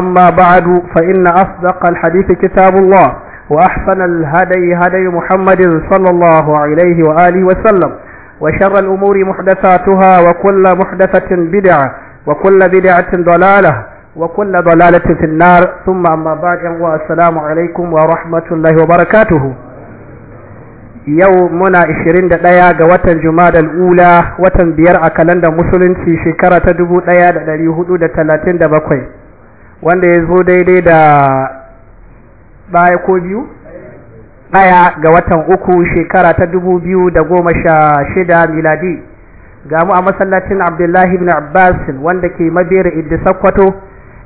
أما بعد فإن أصدق الحديث كتاب الله وأحسن الهدي هدي محمد صلى الله عليه وآله وسلم وشر الأمور محدثاتها وكل محدثة بدعة وكل بدعة ضلالة وكل ضلالة في النار ثم أما بعد والسلام عليكم ورحمة الله وبركاته yau muna 21 ga watan Jumadal Ula watan biyar a kalandar musulunci shekara ta 1437 wanda ya zo daidai da baya ko biyu ɗaya ga watan uku shekara ta dubu biyu da goma sha shida miladi ga mu a masallacin abdullahi ibn abbas wanda ke mabera idda sakkwato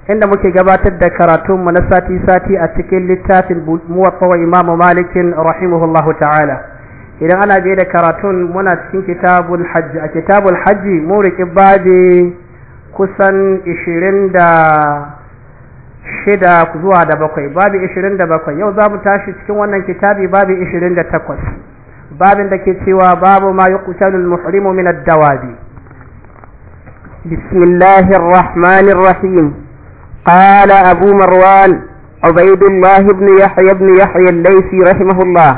inda muke gabatar da karatunmu na sati-sati a cikin littafin muwafawa imamu malikin rahimahullahu ta'ala idan ana biye da karatun muna cikin kitabul hajji a kitabul hajji mu riƙi babi kusan ishirin da shida zuwa da bakwai babi ishirin da bakwai yau za mu tashi cikin wannan kitabi babi ishirin da takwas babin da ke cewa babu ma yi kusanin muhrimu min addawabi بسم الله الرحمن الرحيم قال أبو مروان عبيد الله بن يحيى بن يحيى الليثي رحمه الله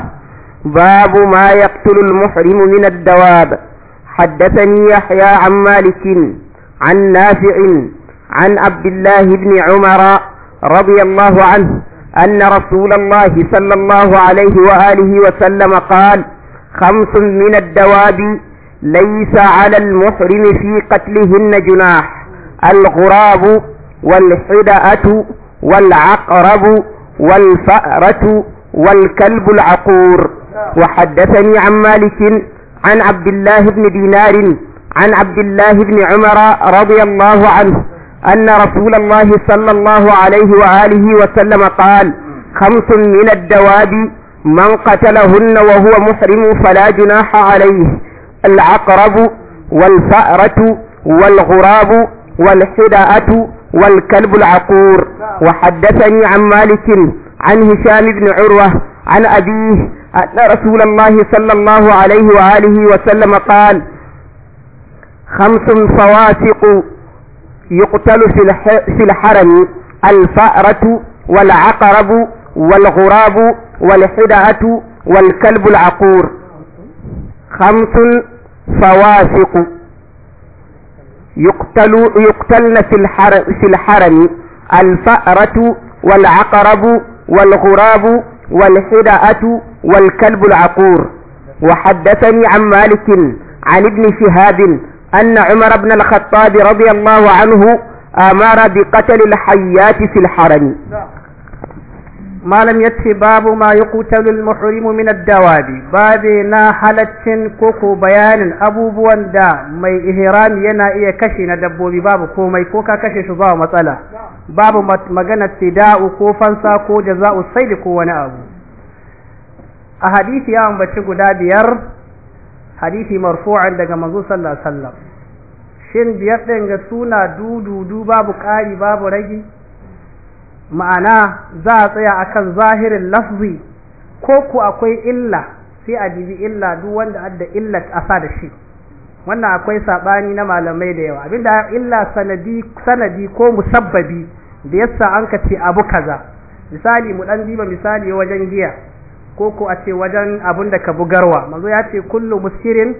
باب ما يقتل المحرم من الدواب حدثني يحيى عن مالك عن نافع عن عبد الله بن عمر رضي الله عنه أن رسول الله صلى الله عليه وآله وسلم قال خمس من الدواب ليس على المحرم في قتلهن جناح الغراب والحدأة والعقرب والفأرة والكلب العقور وحدثني عن مالك عن عبد الله بن دينار عن عبد الله بن عمر رضي الله عنه أن رسول الله صلى الله عليه وآله وسلم قال خمس من الدواب من قتلهن وهو محرم فلا جناح عليه العقرب والفأرة والغراب والحداءة والكلب العقور وحدثني عن مالك عن هشام بن عروة عن أبيه أن رسول الله صلى الله عليه وآله وسلم قال خمس فواسق يقتل في الحرم الفأرة والعقرب والغراب والحدعة والكلب العقور خمس فواسق يقتل يقتلن في الحرم, في الحرم الفأرة والعقرب والغراب والحدعة والكلب العقور وحدثني عن مالك عن ابن شهاب أن عمر بن الخطاب رضي الله عنه أمر بقتل الحيات في الحرم ما لم يتي باب ما يقتل المحرم من الدواب باب نا حلتين كوكو بيان أبوبوان دا مي إهرام ينا إيا كشي ندبو بباب كو مي كوكا كشي شباب مسألة باب مغانا تداء كو فانسا كو جزاء السيد كو ونأبو a hadisi ya ambaci guda biyar hadisi marfu'an daga manzo sallallahu alaihi wasallam shin biyar ɗin ga suna du babu ƙari babu ragi ma'ana za a tsaya akan zahirin lafzi ko ku akwai illa sai a dibi illa duk wanda adda illa asa da shi wannan akwai sabani na malamai da yawa abinda illa sanadi sanadi ko musabbabi da yasa an ka ce abu kaza misali mu dan diba misali wajen giya ko ko a ce wajen abin da ka bugarwa manzo ya ce kullu muskirin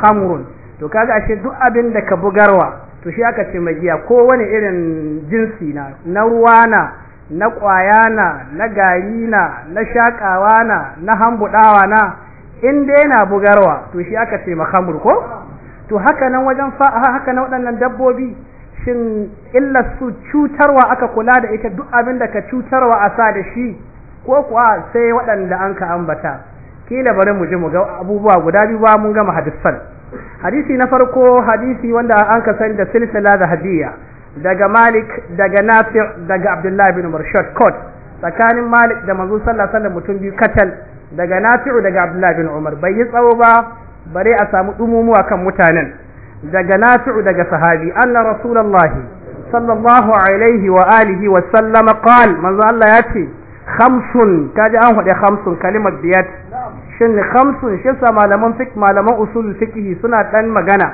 khamrun to kaga ashe duk abin da ka bugarwa to shi aka ce magiya ko wani irin jinsi na na ruwa na na ƙwaya na na gari na na shaƙawa na na na in dai yana bugarwa to shi aka ce mahamur ko to haka nan wajen fa haka nan waɗannan dabbobi shin illa su cutarwa aka kula da ita duk abin da ka cutarwa a sa da shi ko kuwa sai waɗanda an ka ambata kila bari mu je mu ga abubuwa guda biyu ba mun gama hadisan hadisi na farko hadisi wanda an ka sani da silsila da hadiya daga Malik daga Nafi' daga Abdullah ibn Marshad kot tsakanin Malik da manzo sallallahu alaihi wasallam mutum biyu katal daga Nafi' daga Abdullah ibn Umar bai yi tsawo ba bare a samu dumumuwa kan mutanen daga Nafi' daga sahabi anna rasulullahi sallallahu alaihi wa alihi wa sallama qala manzo Allah ya ce khamsun kaji an faɗi khamsun kalimar biyat shin khamsun shi sa malaman fiqh malaman usul fiqh suna dan magana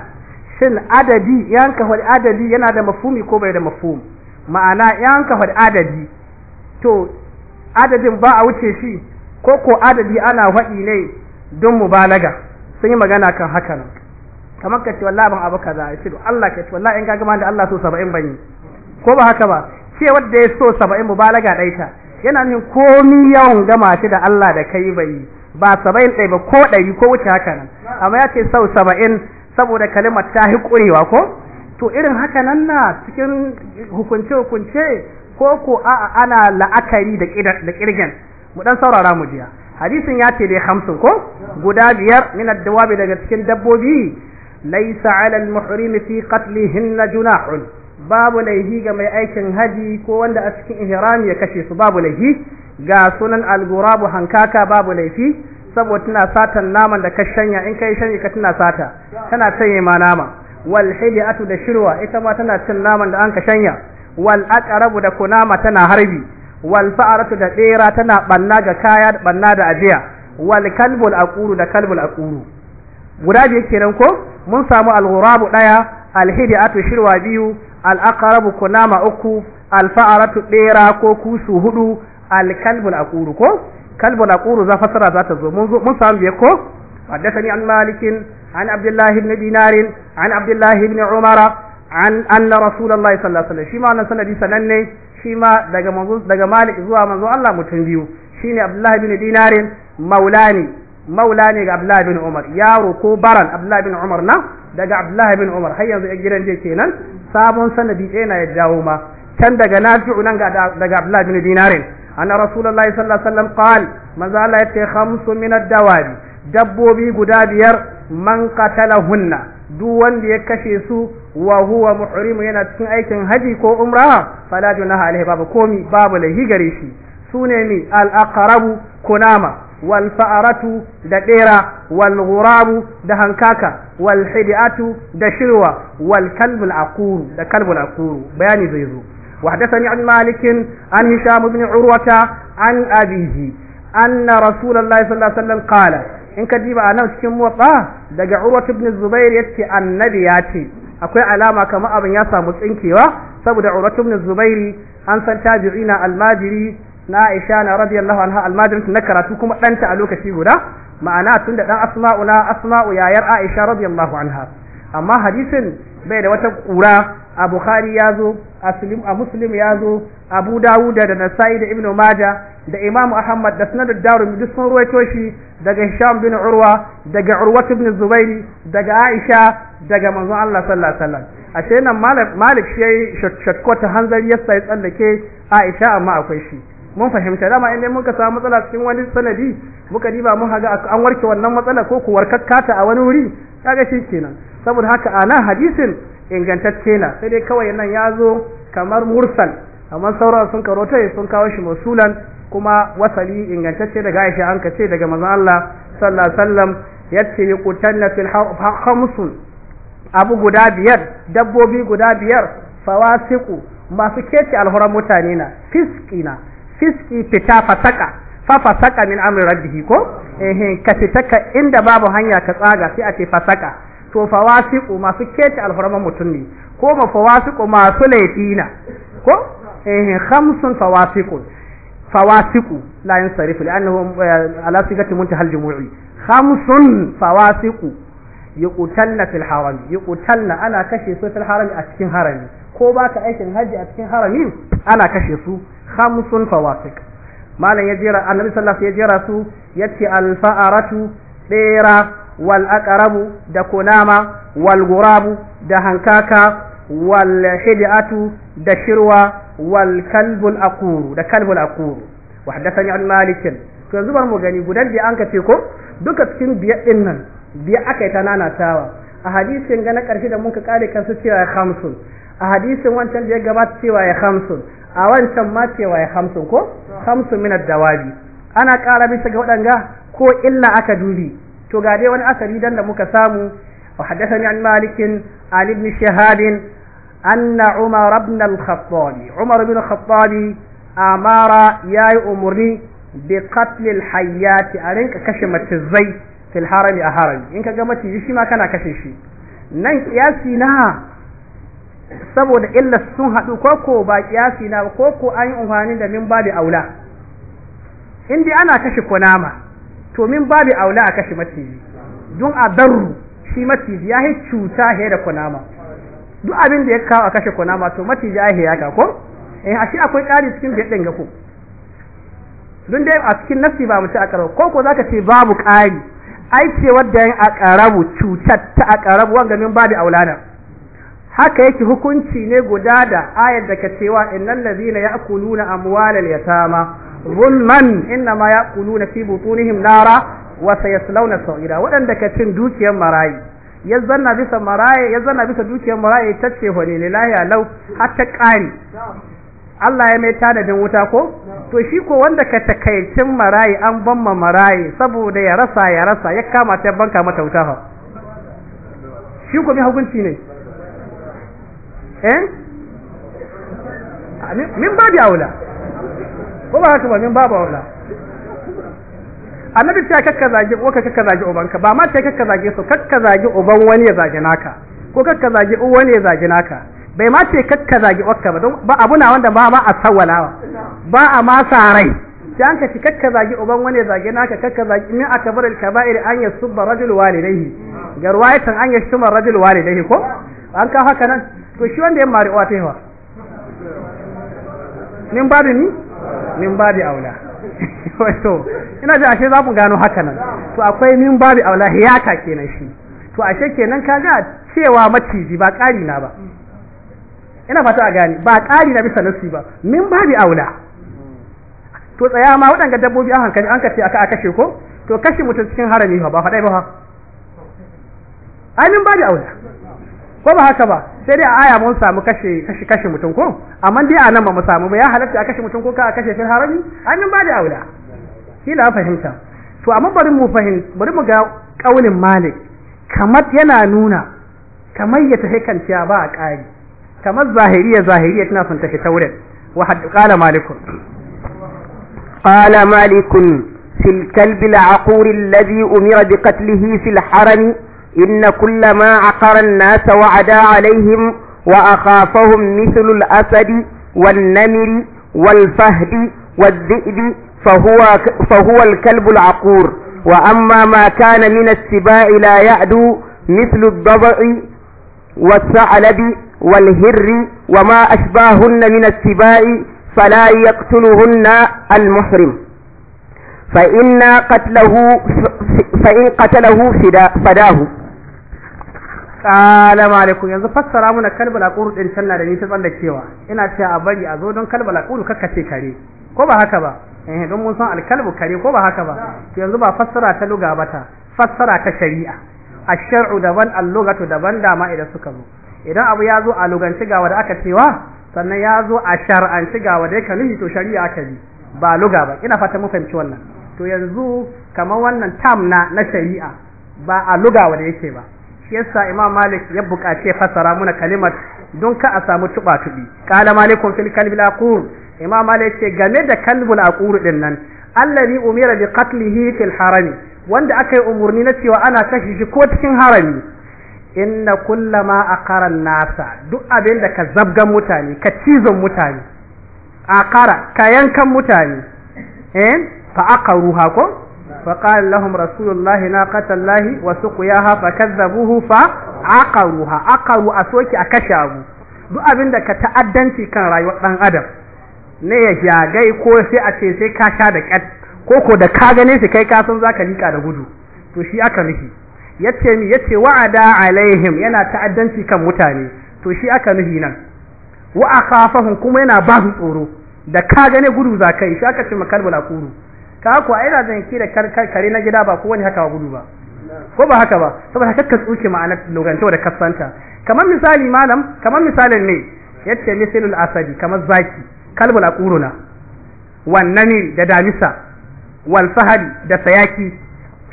shin adadi yan ka faɗi adadi yana da mafhumi ko bai da mafhum ma'ana yan ka faɗi adadi to adadin ba a wuce shi ko ko adadi ana faɗi ne don mubalaga sun yi magana kan haka nan kamar ka ce wallahi ban abu kaza ya ce Allah ka ce wallahi in ka gama da Allah so 70 bane ko ba haka ba ce wanda ya so 70 mubalaga ɗaita yana nufin komi yawan gama shi da Allah da kai bai ba saba'in ɗai ba ko ɗari ko wuce haka nan amma ya ce sau saba'in saboda kalimar ta hi ƙurewa ko to irin haka nan na cikin hukunce-hukunce ko ko a ana la'akari da ƙirgin mu ɗan saurara mu jiya hadisin ya ce dai hamsin ko guda biyar min dawabi daga cikin dabbobi laisa alal muhrimi fi junahun babu laihi ga mai aikin haji ko wanda a cikin ihram ya kashe su babu laihi ga sunan algurabu hankaka babu laifi saboda tana satan naman da ka shanya in kai shanya ka tana sata tana sanya ma nama wal hidiatu da shirwa ita ma tana cin naman da an ka shanya wal aqrabu da kunama tana harbi wal fa'aratu da tsera tana banna ga kaya banna da ajiya wal kalbul aquru da kalbul aquru guda biyu kenan ko mun samu al ɗaya daya al shirwa biyu al'akarabu kunama uku alfa'aratu ɗera ko kusu hudu alkalbul aquru ko kalbul aquru za fasara za ta zo mun mun samu biye ko haddathani an malikin an abdullah ibn dinarin an abdullah ibn umara an anna rasulullahi sallallahu alaihi wasallam shi ma wannan sanadi shi ma daga manzo zuwa manzo Allah mutum biyu shine abdullah ibn dinarin maulani maula ne ga Abdullahi bin Umar yaro ko baran Abdullahi bin Umar na daga Abdullahi bin Umar har yanzu yan gidan je kenan sabon sanadi ɗaya na ya dawo ma can daga Nafi'u nan daga Abdullahi bin Dinarin anna Rasulullahi sallallahu alaihi wasallam qal manzo Allah khamsu min ad-dawabi dabbobi guda biyar man qatalahunna duk wanda ya kashe su wa huwa muhrimu yana cikin aikin haji ko umra fala junaha alaihi babu komi babu lahi gare shi sune ni al-aqrabu kunama wal fa'aratu da ɗera wal ghurabu da hankaka wal hidiatu da shirwa wal kalbul aquru da kalbul bayani zai zo وحدثني عن مالك عن هشام بن عروة عن أبيه أن رسول الله صلى الله عليه وسلم in ka diba a nan cikin motsa daga urwat ibn zubair yace annabi ya ce akwai alama kamar abin ya samu tsinkewa saboda urwat ibn zubair an san tabi'ina almajiri na Aisha na radiyallahu anha almajirin na karatu kuma ɗanta a lokaci guda ma'ana tun da ɗan asma'u na asma'u yayar Aisha radiyallahu anha amma hadisin bai da wata ƙura a Bukhari ya zo a Muslim ya zo Abu Dawud da Nasa'i da Ibn Majah da Imam Ahmad da Sunan ad-Darimi duk sun ruwaito shi daga Hisham bin Urwa daga Urwa ibn Zubairi daga Aisha daga manzo Allah sallallahu alaihi wasallam ce nan Malik ya yi shakkota hanzari ya sai tsallake Aisha amma akwai shi mun fahimta dama in dai muka samu matsala cikin wani sanadi muka diba mun haga an warke wannan matsala ko ku warkakkata a wani wuri kaga shi kenan saboda haka ana hadisin ingantacce na sai dai kawai nan ya zo kamar mursal amma sauran sun karo ta sun kawo shi musulan kuma wasali ingantacce daga Aisha an kace daga manzon Allah sallallahu alaihi wasallam yace yuqtanna fil khamsun abu guda biyar dabbobi guda biyar fawasiqu masu kece alhuran mutane na fiskina fiski fita fasaka fa fasaka min amri rabbihi ko eh ka fita ka inda babu hanya ka tsaga sai a ce fasaka to fawasiqu masu keta alfarman mutum ne ko ma fawasiqu masu laifina ko eh khamsun fawasiqu fawasiqu la yansarifu li'annahum eh, ala sigati muntahal jumu'i khamsun fawasiqu yuqtalna fil harami yuqtalna ana kashe su fil harami a cikin harami ko ba ka aikin haji a cikin harami ana kashe su khamsun fawasik malam ya jera annabi sallallahu ya jera su yace fa'aratu bera wal aqrabu da kunama wal gurabu da hankaka wal hid'atu da shirwa wal kalbul aqur da kalbul aqur wa hadathani an malik to yanzu mu gani gudan da an kace ko duka cikin biyar din nan biya aka yi ta nanatawa a hadisin ga na karshe da mun ka kare kansu cewa ya khamsun a hadisin wancan da ya gabata cewa ya khamsun a wancan ma cewa ya hamsin ko hamsin minar dawabi ana ƙara bisa ga waɗanga ko illa aka dubi to ga dai wani asali dan da muka samu wa haddathani an malikin an ibn shahab anna umar ibn al-khattab umar ibn al-khattab amara yayi umarni bi qatl al-hayyat a rinka kashe matizai fil harami a harami in ka ga maciji shi ma kana kashe shi nan kiyasi na saboda illa sun haɗu koko ba kiyasi na koko an yi amfani da min babi aula in dai ana kashe kunama to min babi aula a kashe maciji don a darru shi maciji ya yi cuta he da kunama duk abin da ya kawo a kashe kunama to maciji ya yi haka ko eh shi akwai ƙari cikin biyar ɗin ga ko. don dai a cikin nafsi ba mu ci a ƙarar koko za ka ce babu ƙari ai ce wadda yin a ƙarabu cutar ta a ƙarabu wanga min babi aula nan haka yake hukunci ne guda da ayar da ka cewa innal ladhina ya'kuluna amwalal yatama zulman innama ya'kuluna fi butunihim nara wa sayaslawna sa'ira waɗanda ka cin dukiyar marayi ya zanna bisa maraye ya zanna bisa dukiyar maraye ta ce hone lillahi alau har ta ƙani Allah ya mai tanadin wuta ko to shi ko wanda ka takaicin maraye an ban ma maraye saboda ya rasa ya rasa ya kama ta banka mata wuta fa shi ko bi hukunci ne eh ah, min babu aula ko ba haka ba min babu aula annabi ta kakka zage ko ka kakka zage ubanka ba ma ta kakka zage so kakka zage uban wani ya zage naka ko kakka zage uwan wani ya zage naka bai ma ce kakka zage wakka ba don ba abu na wanda ba ma a sawalawa ba a ma sa rai sai an ka ci kakka zage uban wani ya zage naka kakka zage min akbar al kaba'ir an yasubba rajul walidayhi garwayatan an yashtuma rajul walidayhi ko an ka haka nan to shi wanda ya mari wata yawa? min ba da ni min ba da aula wato ina ji ashe za mu gano haka nan to akwai min ba da aula hiyaka kenan shi to ashe kenan ka ga cewa maciji ba ƙari na ba ina fata a gani ba ƙari na bisa nasi ba min ba da aula to tsaya ma waɗanga dabbobi an hankali an kace aka kashe ko to kashe mutum cikin harami ba ba faɗai ba ha ai min ba da aula ko ba haka ba sai dai a aya mun samu kashe kashe kashe mutum ko amma dai a nan ba mu samu ba ya halatta a kashe mutum ko ka a kashe fil harami annin ba da aula kila fahimta to amma bari mu fahim bari mu ga kaulin malik kamar yana nuna kamar ya tafi kanciya ba a ƙari kamar zahiriya zahiriya tana son tafi taurin wa qala malikun qala malikun في الكلب العقور الذي أمر بقتله fil harami. إن كل ما عقر الناس وعدا عليهم وأخافهم مثل الأسد والنمر والفهد والذئب فهو, فهو الكلب العقور وأما ما كان من السباء لا يعدو مثل الضبع والثعلب والهر وما أشباهن من السباء فلا يقتلهن المحرم فإن قتله فإن قتله فداه qala malikum yanzu fassara muna kalbal aqul din sanna da ni ta cewa ina cewa a bari a zo don kalbal aqul kakkace kare ko ba haka ba eh don mun san alkalbu kare ko ba haka ba to yanzu ba fassara ta luga ba ta fassara ta shari'a ash-shar'u daban al-lughatu daban dama idan suka zo idan abu ya zo a luganci ga wanda aka cewa sannan ya zo a shar'anci ga wanda yake nufi to shari'a aka bi ba luga ba ina fata mun fahimci wannan to yanzu kamar wannan tam na na shari'a ba a luga wanda yake ba yasa imam malik ya bukace fasara muna kalimar don ka a samu tuba tubi qala malikun fil al aqur imam malik ce game da kalbul aqur din nan allazi umira bi qatlihi fil harami wanda aka yi umurni na cewa ana kashe shi ko cikin harami inna kullama aqara nasa duk abin da ka zabgan mutane ka cizon mutane aqara ka yankan mutane eh fa aqaruha ko فقال لهم رسول الله ناقة الله وسقياها فكذبوه فعقروها عقروا أسوكي abu. duk abin da ka ta'addanci kan rayuwar ɗan adam ne ya jagai ko sai a ce sai ka sha da kyat ko ko da ka gane shi kai ka san zaka lika da gudu to shi aka nufi yace mi yace wa'ada alaihim yana ta'addanci kan mutane to shi aka nufi nan wa akhafahum kuma yana ba su tsoro da ka gane gudu zakai shi aka ce makarbul aquru ka ko ina zan ki da kare na gida ba ko wani haka gudu ba ko ba haka ba saboda kakka tsuke ma'anar logancewa da kasanta kamar misali malam kamar misalin ne yace misalul asadi kamar zaki kalbul aquruna wannani da damisa wal fahadi da sayaki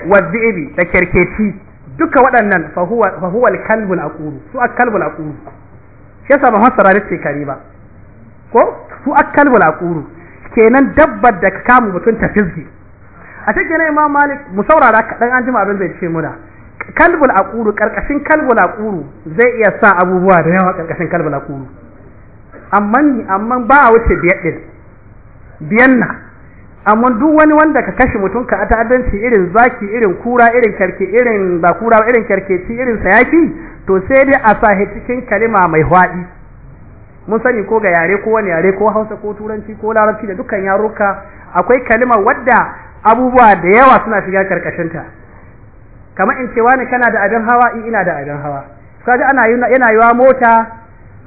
wadzibi da kerketi duka waɗannan fa huwa fa huwa al kalbul aquru su al kalbul aquru shi yasa ba hasara ne ce kare ba ko su al kalbul aquru kenan dabbar da ka kama mutum ta fizgi a cikin imam malik mu saurara kaɗan an jima abin zai ce muna kalbul aquru karkashin kalbul aquru zai iya sa abubuwa da yawa karkashin kalbul aquru amma amma ba a wuce biyar din biyan na amma duk wani wanda ka kashe mutum ka ta'addanci irin zaki irin kura irin karke irin ba kura irin karkeci irin sayaki to sai dai a sahi cikin kalima mai hwadi mun sani ko ga yare ko wani yare ko hausa ko turanci ko larabci da dukkan yaruka akwai kalmar wadda abubuwa da yawa suna shiga ta kamar in cewa ne kana da abin hawa in ina da abin hawa kaga ana yana yiwa mota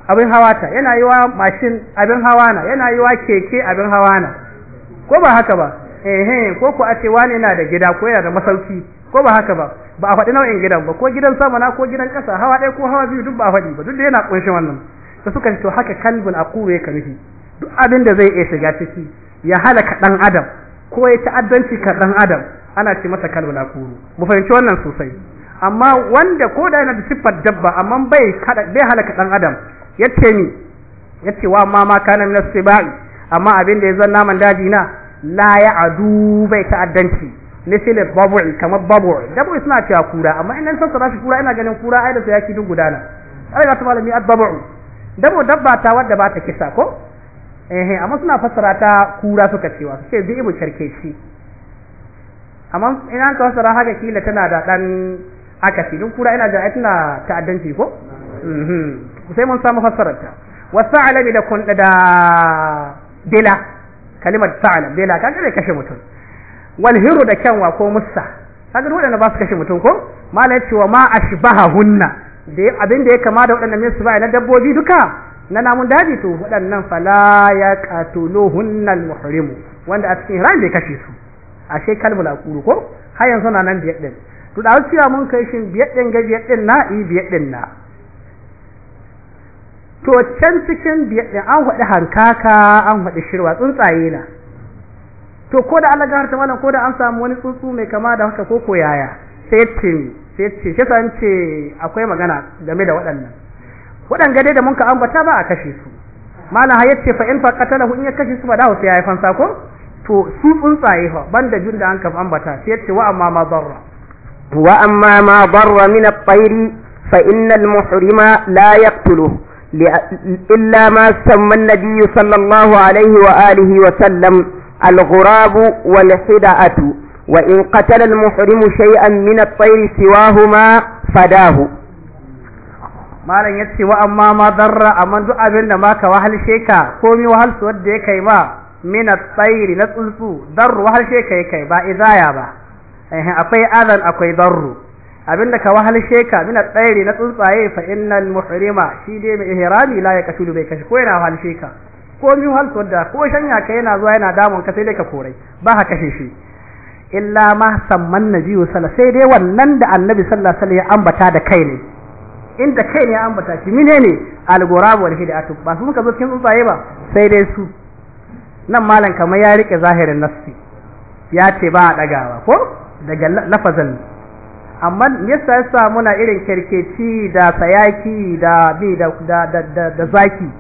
abin hawa ta yana yiwa mashin abin hawa na yana yiwa keke abin hawa na ko ba haka ba eh ko ku a cewa ne yana da gida ko yana da masauki ko ba haka ba ba a faɗi nau'in gidan ba ko gidan sama na ko gidan ƙasa hawa ɗaya ko hawa biyu duk ba a faɗi ba duk da yana ƙunshin wannan da suka to haka kalbul aquru yake nufi duk abin da zai iya shiga ciki ya halaka dan adam ko ya ta'addanci ka dan adam ana ce masa kalbul aquru mu fahimci wannan sosai amma wanda ko da yana da sifar dabba amma bai bai halaka dan adam yace ni yace wa ma ma kana min sibai amma abin da ya zan naman daji na la ya adu bai ta'addanci misali babu'i kamar babu'i dabu'i suna cewa kura amma in nan ba shi kura ina ganin kura ai da su yaki duk gudana ai ga su malami ad damo dabba ta wadda ba ta kisa ko eh amma suna fassara ta kura suka cewa suke ce sharke shi, amma ina ka fassara haka kila tana da dan shi, duk kura ina jin tana ta'addanci ko mhm sai mun samu fassarar ta wasa'alami bi kun da bela kalimar sa'ala bela ka kare kashe mutum wal hiru da kyanwa ko musa, kaga waɗanda ba su kashe mutum ko mala cewa ma hunna da abin da ya kama da waɗannan min subai na dabbobi duka na namun daji to waɗannan fala ya qatuluhunna al-muhrimu wanda a cikin ran ya kashe su a ashe kalmul aqulu ko har yanzu na nan biyar ɗin to da wuciya mun kai shin biyar ɗin ga biyar ɗin na i biyar ɗin na to can cikin biyar ɗin an faɗi hankaka an faɗi shirwa tsuntsaye na to ko da Allah ga harta wannan ko da an samu wani tsuntsu mai kama da haka ko ko yaya sai timi sai ce shi san ce akwai magana game da waɗannan waɗanga dai da mun ka ambata ba a kashe su malam hayat ce fa in fa qatalahu in ya kashe su ba dawo sai ya fansa ko to su tsuntsaye fa banda jin da an ka ambata sai ce wa amma ma barra wa amma ma barra min at-tayri fa innal muhrima la yaqtuluhu إلا ما سمى النبي صلى الله عليه وآله وسلم الغراب والحدأة وإن قتل المحرم شيئا من الطير سواهما فداه malam ya ce wa amma ma darra amma duk abin da maka wahalshe ka komi wahalsu wadda ya kai ma mina tsairi na tsuntsu darru wahalshe ka ya kai ba izaya ba akwai azan akwai darru abinda da ka wahalshe ka mina tsairi na tsuntsaye fa innal muhrima shi dai mai ihrami la ya kasulu bai kashi ko yana wahalshe ka komi wahalsu wadda ko shanya ka yana zuwa yana damun ka sai dai ka korai ba ka shi illa ma samman nabiyyu sallallahu sai dai wannan da annabi sallallahu alaihi wasallam ya ambata da kai ne inda kai ne ya ambata shi mine ne al-ghurab wal hidatu ba su muka zo cikin tsuntsaye ba sai dai su nan malam kamar ya rike zahirin nassi ya ce ba a dagawa ko daga lafazan amma me yasa yasa muna irin kirkeci da sayaki da bi da da da zaki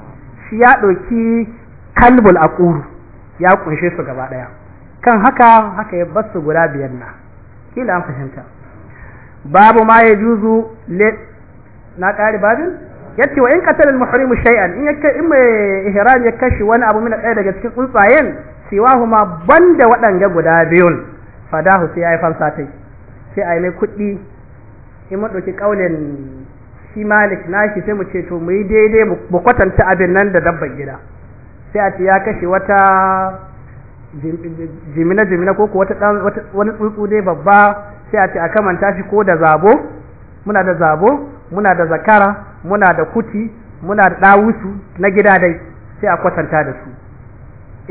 shi ya doki kalbul aqur ya kunshe su gaba daya kan haka haka ya basu guda biyar na kila an fahimta babu ma ya juzu na ƙari babin yace wa in qatala al-muhrimu shay'an in in ihram ya kashi wani abu min ɗaya daga cikin tsuntsayen siwahuma banda waɗanga guda biyun fadahu sai ai falsatai sai ai mai kuɗi in mun ɗauki ƙaunin shi malik nashi sai mu ce to mu yi daidai mu kwatanta abin nan da dabban gida sai a ce ya kashe wata jimina jimina ko wata wani tsuntsu dai babba sai a ce a kamanta shi ko da zabo muna da zabo muna da zakara muna da kuti muna da ɗawusu na gida dai sai a kwatanta da su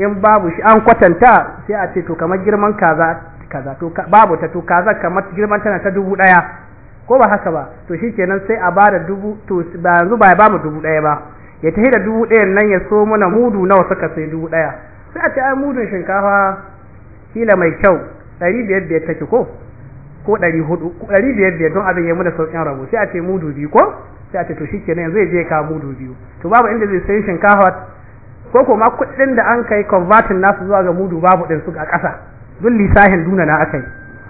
in babu shi an kwatanta sai a ce to kamar girman kaza kaza to babu ta to kaza kamar girman tana ta dubu ɗaya ko ba haka ba to shi kenan sai a bada dubu to ba yanzu ba ya bamu dubu ɗaya ba ya tafi da dubu ɗayan nan ya so mana mudu nawa suka sai dubu ɗaya sai a ce ai mudun shinkafa kila mai kyau ɗari biyar biyar take ko ko ɗari hudu ɗari biyar biyar don abin ya muna sauƙin rabu sai a ce mudu biyu ko sai a ce to shi ke yanzu ya je ka mudu biyu to babu inda zai sayi shinkafa ko kuma kuɗin da an kai convertin nasu zuwa ga mudu babu ɗin su a ƙasa don lisahin duna na aka yi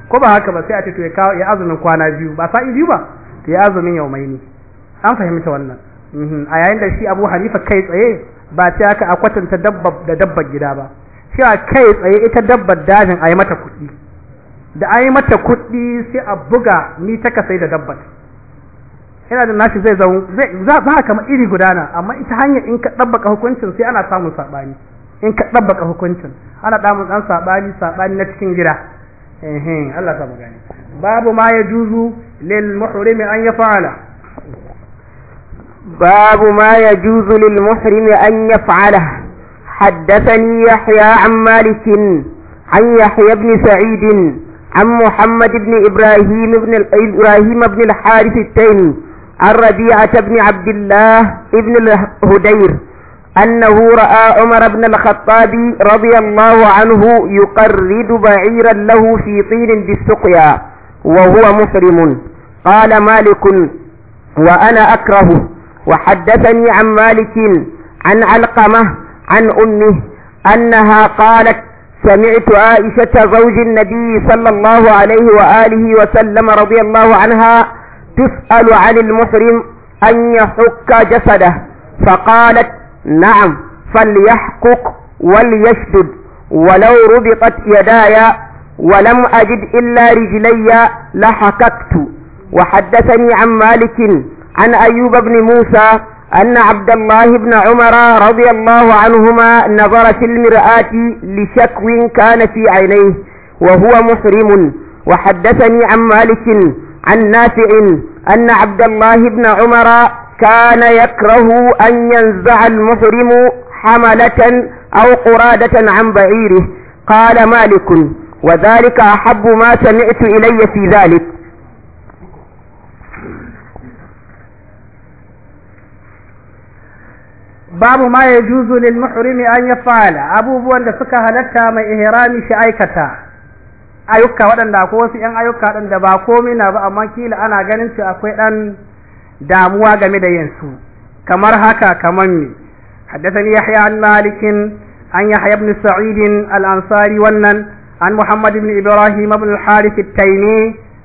ko ba haka ba sai a ce to ya azumin kwana biyu ba sa'i biyu ba to ya azumin ne an fahimta wannan mhm. a yayin da shi abu hanifa kai tsaye ba ta haka a kwatanta dabba da dabba gida ba cewa kai tsaye ita dabbar dajin a yi mata kuɗi da a yi mata kuɗi sai a buga ni ta ka sai da dabbar ina da nashi zai zau zai za kama iri gudana amma ita hanyar in ka ɗabbaka hukuncin sai ana samun saɓani in ka ɗabbaka hukuncin ana damun ɗan saɓani saɓani na cikin gida eh Allah ta magani babu ma ya juzu lil muhrimi an ya fa'ala باب ما يجوز للمحرم أن يفعله حدثني يحيى عن مالك عن يحيى بن سعيد عن محمد بن إبراهيم بن إبراهيم بن الحارث التيمي عن ربيعة بن عبد الله بن الهدير أنه رأى عمر بن الخطاب رضي الله عنه يقرد بعيرا له في طين بالسقيا وهو محرم قال مالك وأنا أكرهه وحدثني عن مالك عن علقمة عن أمه أنها قالت سمعت عائشة زوج النبي صلى الله عليه وآله وسلم رضي الله عنها تسأل عن المحرم أن يحك جسده فقالت نعم فليحكك وليشدد ولو ربطت يداي ولم أجد إلا رجلي لحككت وحدثني عن مالك عن أيوب بن موسى أن عبد الله بن عمر رضي الله عنهما نظر في المرآة لشكو كان في عينيه وهو محرم وحدثني عن مالك عن نافع أن عبد الله بن عمر كان يكره أن ينزع المحرم حملة أو قرادة عن بعيره قال مالك وذلك أحب ما سمعت إلي في ذلك babu ma ya juzu lil muhrimi an ya fa'ala abubuwan da suka halatta mai ihrami shi aikata ayyuka waɗanda ko wasu ayuka ayyuka da ba komai na ba amma kila ana ganin su akwai ɗan damuwa game da yin kamar haka kamar me haddathani yahya an malikin an yahya ibn sa'idin al ansari wannan an muhammad ibn ibrahim ibn al harith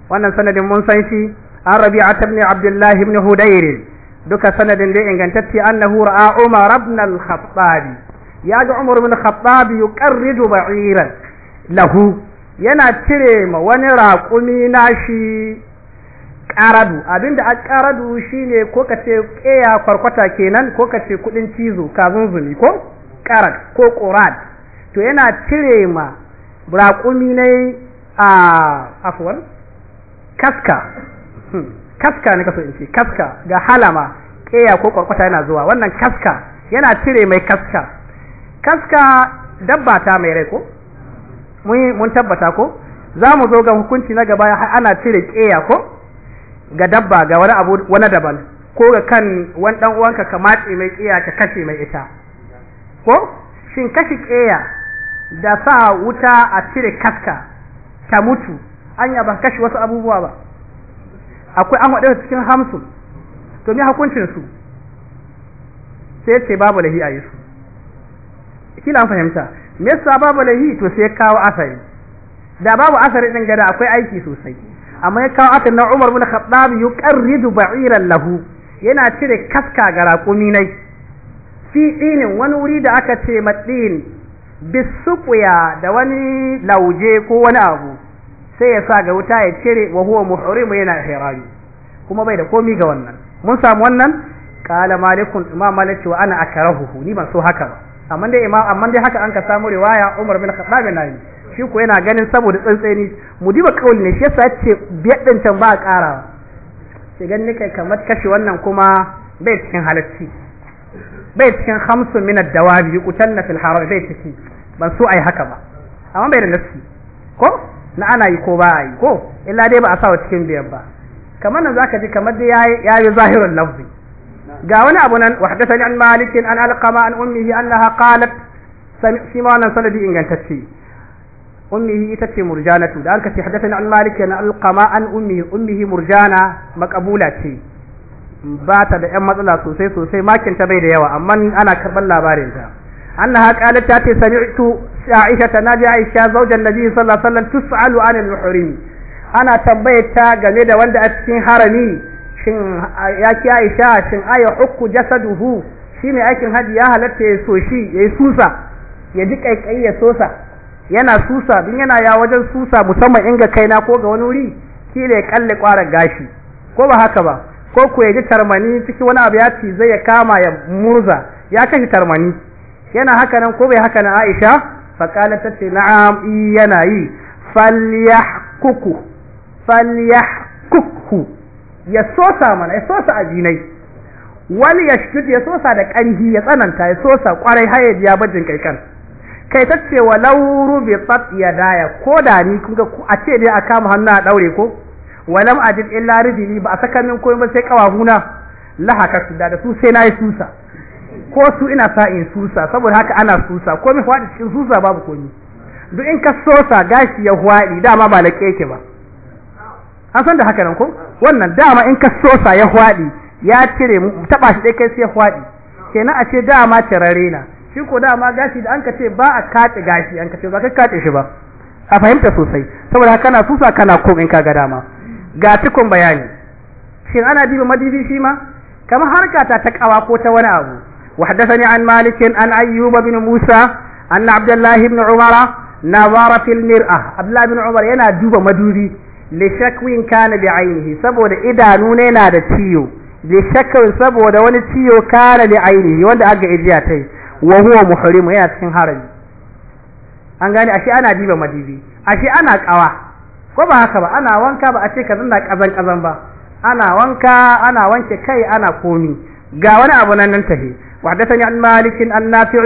wannan sanadin mun san shi an rabi'a ibn abdullah ibn hudayr duka sanadin da ingantacce annahu ra'a Umar ibn al-Khattab ya ga Umar ibn al-Khattab yuqarridu ba'iran lahu yana cire ma wani raƙumi nashi ƙaradu abinda a ƙaradu shine ko ka ce ƙeya kwarkwata kenan ko ka ce kuɗin cizo kazun zumi ko ƙarad ko qurad to yana cire ma raƙumi ne a afuwar kaska hmm. kaska ne kaso in kaska ga halama ƙeya ko kwarkwata yana zuwa wannan kaska yana cire mai kaska kaska dabba ta mai rai ko mun tabbata ko za mu zo ga hukunci na gaba ana cire kaya ko ga dabba ga wani abu wani daban ko ga kan wani dan uwanka ka matse mai ƙeya ka kashe mai ita ko shin kashi kaya da sa wuta a cire kaska ta mutu anya ba kashe wasu abubuwa ba akwai an waɗanda cikin hamsin to me hukuncin su sai ce babu lahi a yi kila an fahimta me sa babu lahi to sai kawo asari da babu asari din gada akwai aiki sosai amma ya kawo asari na Umar bin Khattab yuqarridu ba'iran lahu yana cire kaska ga raƙumi nai fi dinin wani wuri da aka ce madin bisuqya da wani lauje ko wani abu sai ya sa ga wuta ya cire wa huwa muhrimu yana ihrami kuma bai da komi ga wannan mun samu wannan qala malikun imam malik wa ana akrahuhu ni ban so haka ba amma dai imam amma dai haka an ka samu riwaya Umar bin Khattab na yi shi ko yana ganin saboda tsantseni diba kauli ne shi yasa yace biyaddan can ba ƙara sai ganin kai kamar kashi wannan kuma bai cikin halacci bai cikin hamsin min ad-dawabi yuqtalna fil haram bai ciki ban so ai haka ba amma bai da nasi ko na ana yi ko ba a yi ko illa dai ba a sawa cikin biyan ba kamar nan zaka ji kamar dai yayi yi zahirul lafzi ga wani abu nan wa hadathani an malik an alqama an ummihi annaha qalat shi ma sanadi ingantacce ummihi ita ce murjanatu da anka ce hadathani an malik an alqama an ummihi ummihi murjana makabula ce ba ta da yan matsala sosai sosai makin ta bai da yawa amma ana karban labarin ta annaha qalat ta ce sami'tu naji Aisha zaujan Nabi sallallahu ana tambayar ta game da wanda a cikin harami shin ya ki Aisha shin aya hukku jasaduhu shi mai aikin haji ya halatta ya so shi ya yi susa ya ya sosa yana susa din yana ya wajen susa musamman in ga kaina ko ga wani wuri kila ya kalle kwarar gashi ko ba haka ba ko ku ya ji tarmani cikin wani abu ya ci zai ya kama ya murza ya kashe tarmani yana haka nan ko bai haka nan Aisha fa qalat tace na'am yana yi falyahkuku falyahkuku ya sosa mana ya sosa ajinai wal yashtud ya sosa da kanji ya tsananta ya sosa kwarai har ya ji ya bajin kai kan kai tace walau ya daya, ko da ni kun a ce dai a kama hannu a daure ko walam ajid illa rijli ba a saka min komai ba sai kawahuna lahaka su da su sai nayi susa ko su ina sa in susa saboda haka ana susa ko mai faɗi cikin susa babu komi duk in ka sosa gashi ya faɗi dama ba laƙe ke ba an san da haka nan ko wannan dama in ka sosa ya faɗi ya cire mu taba shi dai kai sai ya faɗi kenan a ce dama tirare na shi ko dama gashi da an ka ce ba a kace gashi an ka ce ba ka kace shi ba a fahimta sosai saboda haka kana susa kana ko in ka ga dama ga tukun bayani shin ana diba madibi shi ma kamar harka ta ta kawa ko ta wani abu وحدثني عن مالك عن أيوب بن موسى أن عبد الله بن عمر نظر في المرأة عبد الله بن عمر ينا دوبا مدودي لشكو كان بعينه سبو إذا نونينا دا تيو لشكو سبو دا وني تيو كان بعينه واندا أقع إجياتي وهو محرم يا تكين هرج أنغاني أشي أنا دوبا مدودي أشي أنا كوا ko ba haka ba ana wanka ba a ce ka zanna kazan kazan ba ana wanka ana wanke kai ana komi ga wani abu nan nan tafi وحدثني عن مالك عن نافع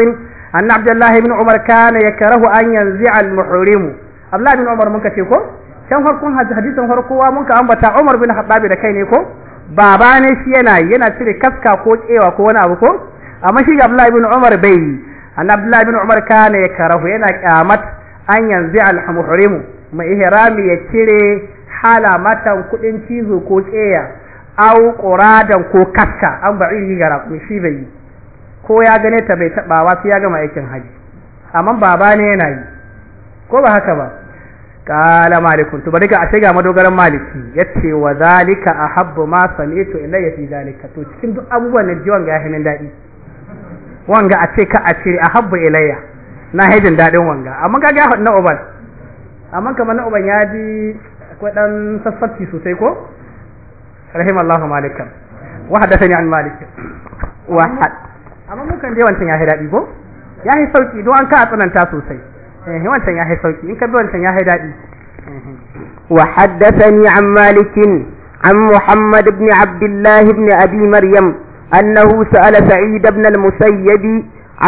أن عبد الله بن عمر كان يكره أن ينزع المحرم عبد الله بن عمر منك تيكو كان فرقون hadisin mun ka ambata Umar bin Khattab da kai ne ko baba shi yana yana cire kaska ko tsewa ko wani abu ko amma shi Abdullah ibn Umar bai an Abdullah ibn Umar kana karahu yana kyamat an yanzu al-muhrim ya cire halamatan kudin cizo ko tseya au ko kaska an ko ya gane ta bai wa sai ya gama aikin haji amma baba ne yana yi ko ba haka ba qala malikun to bari ka ashe ga madogaran maliki yace wa zalika ahabbu ma sami'tu ilayya fi zalika to cikin duk abubuwan da jiwon ga yahin dadi wanga a ce ka a ahabbu ilayya na hejin dadin wanga amma kaga ya na uban amma kamar na uban ya ji akwai dan sassafi sosai ko rahimallahu malikan wa hadathani an malik wa amma kan dai wancan ya daɗi ko ya yi sauki don an ka tsananta sosai eh wancan ya yi sauki in ka bi wancan ya yi wa haddathani an malik an muhammad ibn abdullah ibn abi maryam annahu sa'ala sa'id ibn al-musayyib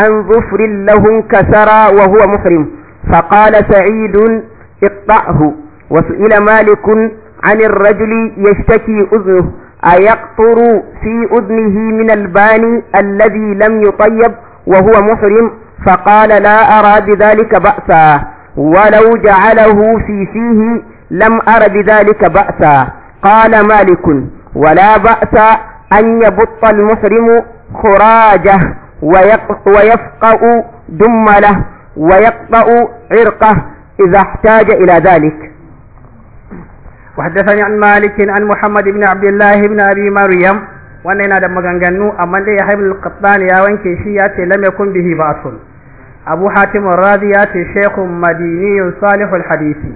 an dhufr lahu kasara wa huwa muhrim فقال سعيد اقطعه وسئل مالك عن الرجل يشتكي أذنه أيقطر في أذنه من الباني الذي لم يطيب وهو محرم فقال لا أرى بذلك بأسا ولو جعله في فيه لم أر بذلك بأسا قال مالك ولا بأس أن يبط المحرم خراجه ويفقأ دمله ويقطأ عرقه إذا احتاج إلى ذلك وحدثني عن مالك عن محمد بن عبد الله بن أبي مريم wannan yana da maganganu amma dai ya haibul qattan ya wanke shi ya ce lam yakun bihi ba'sun abu hatim razi ya ce shaykhun madiniyun salihul hadisi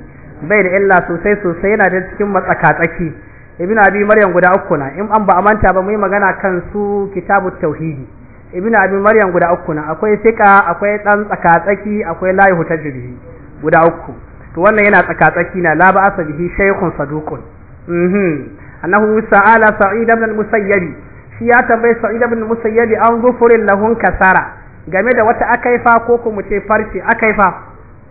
bai da illa sosai sosai yana da cikin matsakatsaki ibn abi maryam guda uku na in an ba amanta ba mu yi magana kan su kitabut tauhidi ibn abi maryam guda uku na akwai sika akwai dan tsakatsaki akwai ta hutajrihi guda uku to wannan yana tsakatsaki na la ba'asa bihi shaykhun saduqun mhm annahu sa'ala sa'id ibn al-musayyib shi ya tambaye sa'id ibn al-musayyib an zufurin lahun kasara game da wata akaifa ko kuma ce farce akaifa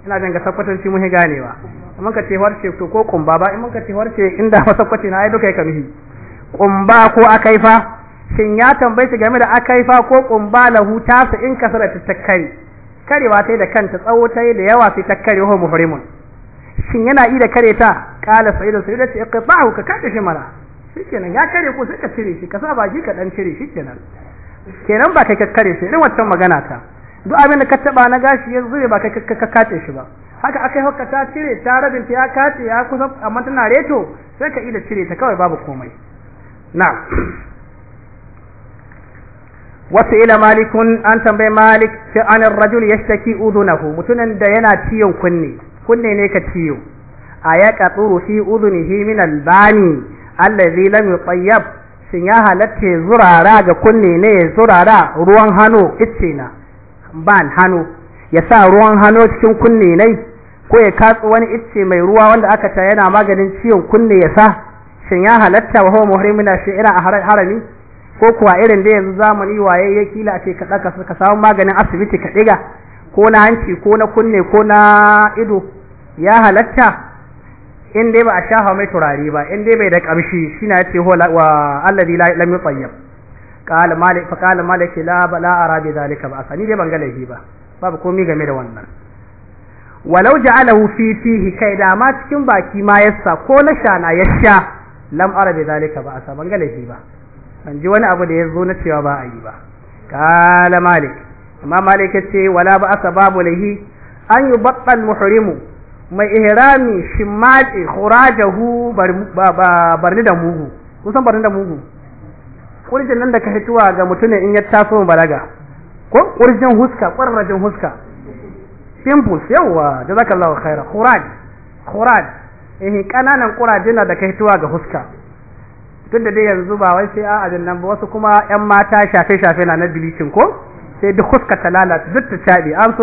ina jin ga sakwatanci mun ganewa mun ka ce farce to ko kumba ba in mun ka ce farce inda masakwaci na ai duka ya kamhi kumba ko akaifa shin ya tambaye shi game da akaifa ko kumba lahu tasa in kasara ta takkari karewa ta da kanta tsawo ta da yawa sai takkari ho muhrimun shin yana yi da kare ta kala sa'idu sa'idu ce iqta'u ka kada shi mara shikenan ya kare ko sai ka cire shi ka sa baki ka dan cire shikenan kenan ba kai ka kare shi irin wancan magana ta duk abin da ka taba na gashi ya zube ba kai ka kace shi ba haka akai haka ta cire ta rabin ta ya kace ya kusa amma tana reto sai ka ida cire ta kawai babu komai na'am wasu ila malikun an tambayi malik ce anar rajul yashtaki udunahu mutunan da yana ciyon kunne kunne ne ka ciyo a ya katsuru fi udunihi min albani allazi lam yutayyab shin ya halatta zurara ga kunne ne zurara ruwan hano ice na ban hano ya sa ruwan hano cikin kunne ne ko ya katsu wani icce mai ruwa wanda aka ta yana maganin ciwon kunne ya sa shin ya halatta wa huwa muhrimin shi ira a harami ko kuwa irin da yanzu zamani waye ya kila ce ka daka ka samu maganin asibiti ka diga ko na hanci ko na kunne ko na ido ya halatta in dai ba a shafa mai turare ba in dai bai da kamshi shine yace huwa wa alladhi la lam yutayyib qala malik fa qala malik la la ara bi zalika ba sani dai ban ga laifi ba babu komai game da wannan walau ja'alahu fi fihi kai da ma cikin baki ma yassa ko na shana yasha lam ara bi zalika ba sa ban ga laifi ba ban ji wani abu da ya zo na cewa ba a yi ba qala malik amma malik ce wala ba asa babu lahi an yi yubattal muhrimu mai ihrami shimmaqi khurajahu barni da mugu kusan barni da mugu kurjin nan da ka hituwa ga mutumin in ya taso balaga ko kurjin huska kwarrajin huska pimples yawa jazakallahu khaira khuraj khuraj eh kananan kuraje na da ka hituwa ga huska da dai yanzu ba wai sai a ajin nan ba wasu kuma yan mata shafe shafe na na bilicin ko sai duk huska ta lalace duk ta cabe an so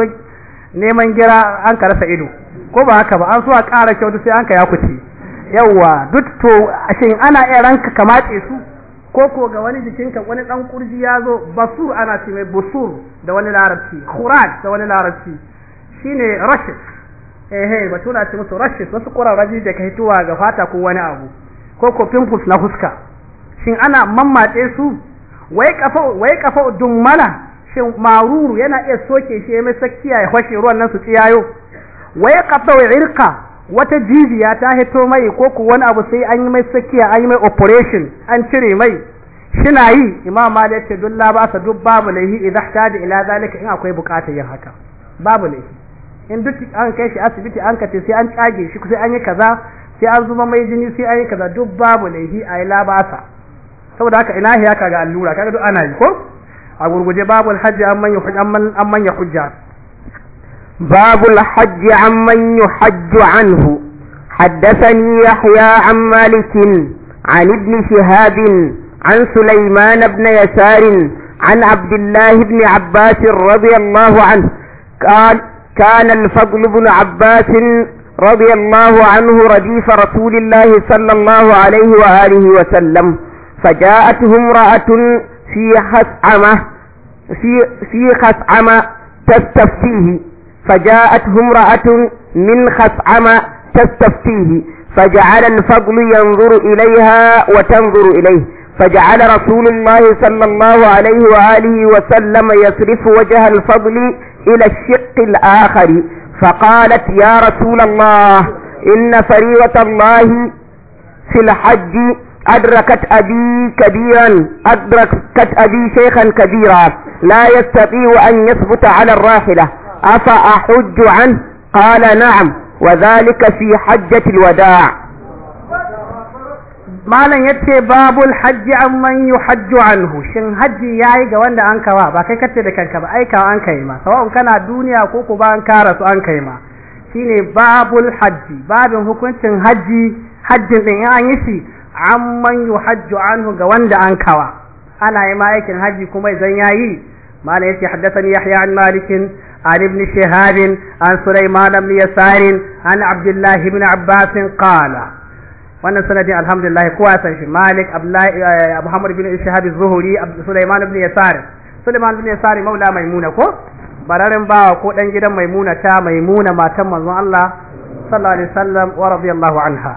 neman gira an ka rasa ido ko ba haka ba an so a ƙara kyautu sai an ka yakuce yawwa duk to shin ana iya ranka matse su ko ko ga wani jikinka wani dan kurji ya zo basur ana ce mai basur da wani larabci khuraj da wani larabci shine rashis eh eh batuna ce musu rashis wasu raji da ka hituwa ga fata ko wani abu ko ko pimples na huska shin ana mammatse su wai kafa wai kafa dummala shin maruru yana iya soke shi ya mai sakiya ya hwashe ruwan nan su tsiyayo Wai ya wa irka wata jijiya ta hito mai ko ku wani abu sai an yi mai sakiya an yi mai operation an cire mai shina yi imam malik ce dulla ba sa duk babu laihi idan ta da ila zalika in akwai bukatar yin haka babu laihi in duk an kai shi asibiti an kace sai an tsage shi sai an yi kaza sai an zuba mai jini sai an yi kaza duk babu laihi a ila ba saboda haka ina ya kaga allura kaga duk ana yi ko a gurguje babul hajji amman yuhaj عمن amman yahujja باب الحج عمن يحج عنه حدثني يحيى عن مالك عن ابن شهاب عن سليمان بن يسار عن عبد الله بن عباس رضي الله عنه قال كان الفضل بن عباس رضي الله عنه رديف رسول الله صلى الله عليه وآله وسلم فجاءته امرأة في خثعمة في في تستفتيه فجاءته امرأة من خثعمة تستفتيه فجعل الفضل ينظر إليها وتنظر إليه فجعل رسول الله صلى الله عليه وآله وسلم يصرف وجه الفضل إلى الشق الآخر فقالت يا رسول الله إن فريضة الله في الحج أدركت أبي كبيرا أدركت أبي شيخا كبيرا لا يستطيع أن يثبت على الراحلة أفأحج عنه قال نعم وذلك في حجة الوداع ما لن يتي باب الحج عن من يحج عنه شن حج ياي جوان أنك واب أكي كتر دك أنك أي كان أنك إما سواء كان الدنيا كوكو بان كارس أنك إما شيني باب الحج باب هكو انت حج حج من يعني amman hajji anhu ga wanda an kawa ana yi ma aikin haji kuma idan yayi mala yace haddathani yahya an malikin عن ابن شهاب عن سليمان بن يسار عن عبد الله بن عباس قال وانا سندي الحمد لله كواسا مالك ابو حمد بن شهاب الزهري سليمان بن يسار سليمان بن يسار مولى ميمونة كو bararin bawa ko dan gidan maimuna ta maimuna matan manzon Allah sallallahu alaihi wasallam wa radiyallahu anha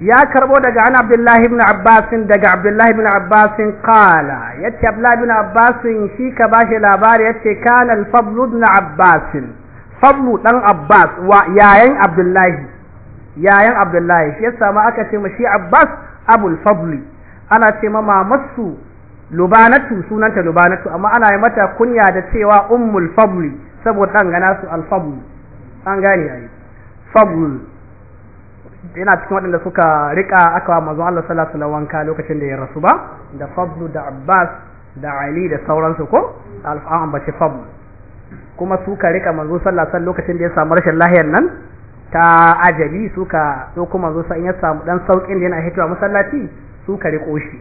ya karbo daga an abdullahi ibn abbasin daga abdullahi ibn abbasin kala ya ce abdullahi ibn abbasin shi ka ba shi labari ya ce kana alfablu ibn abbasin fablu ɗan abbas wa yayan abdullahi yayan abdullahi shi ya ma aka ce shi abbas abul fabli ana ce ma mamassu lubanatu sunanta lubanatu amma ana yi mata kunya da cewa ummul fabli saboda ɗan gana su alfablu an gane ai fablu yana cikin waɗanda suka riƙa aka wa mazan Allah sallallahu alaihi wanka lokacin da ya rasu ba da Fadlu da Abbas da Ali da sauransu ko alfa'an ambace Fadlu kuma suka riƙa manzo sallallahu alaihi lokacin da ya samu rashin lahiyar nan ta ajabi suka ɗauko manzo sai ya samu ɗan saukin da yana hitowa masallaci suka riko shi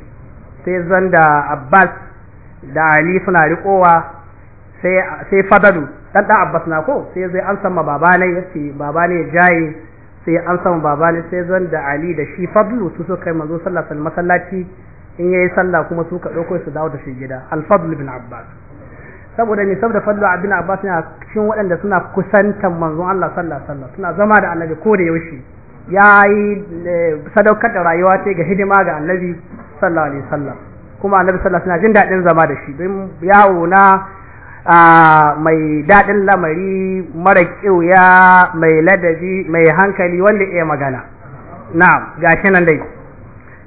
sai zan da Abbas da Ali suna riƙowa sai sai Fadlu dan Abbas na ko sai zai an sama babanai yace babanai jaye sai an samu babali sai zan da ali da shi fadlu su suka kai manzo sallallahu alaihi masallaci in yayi sallah kuma su ka dauko su dawo da shi gida al fadl ibn abbas saboda ni saboda fadlu abin abbas ne cikin waɗanda suna kusantan manzo Allah sallallahu alaihi wasallam suna zama da annabi ko da yaushe yayi eh, sadaukar da rayuwa ta ga hidima ga annabi sallallahu alaihi wasallam kuma annabi sallallahu alaihi wasallam jin dadin zama da shi don yawo na A mai daɗin lamari mara ya mai ladabi mai hankali wanda iya magana na'am gashi nan dai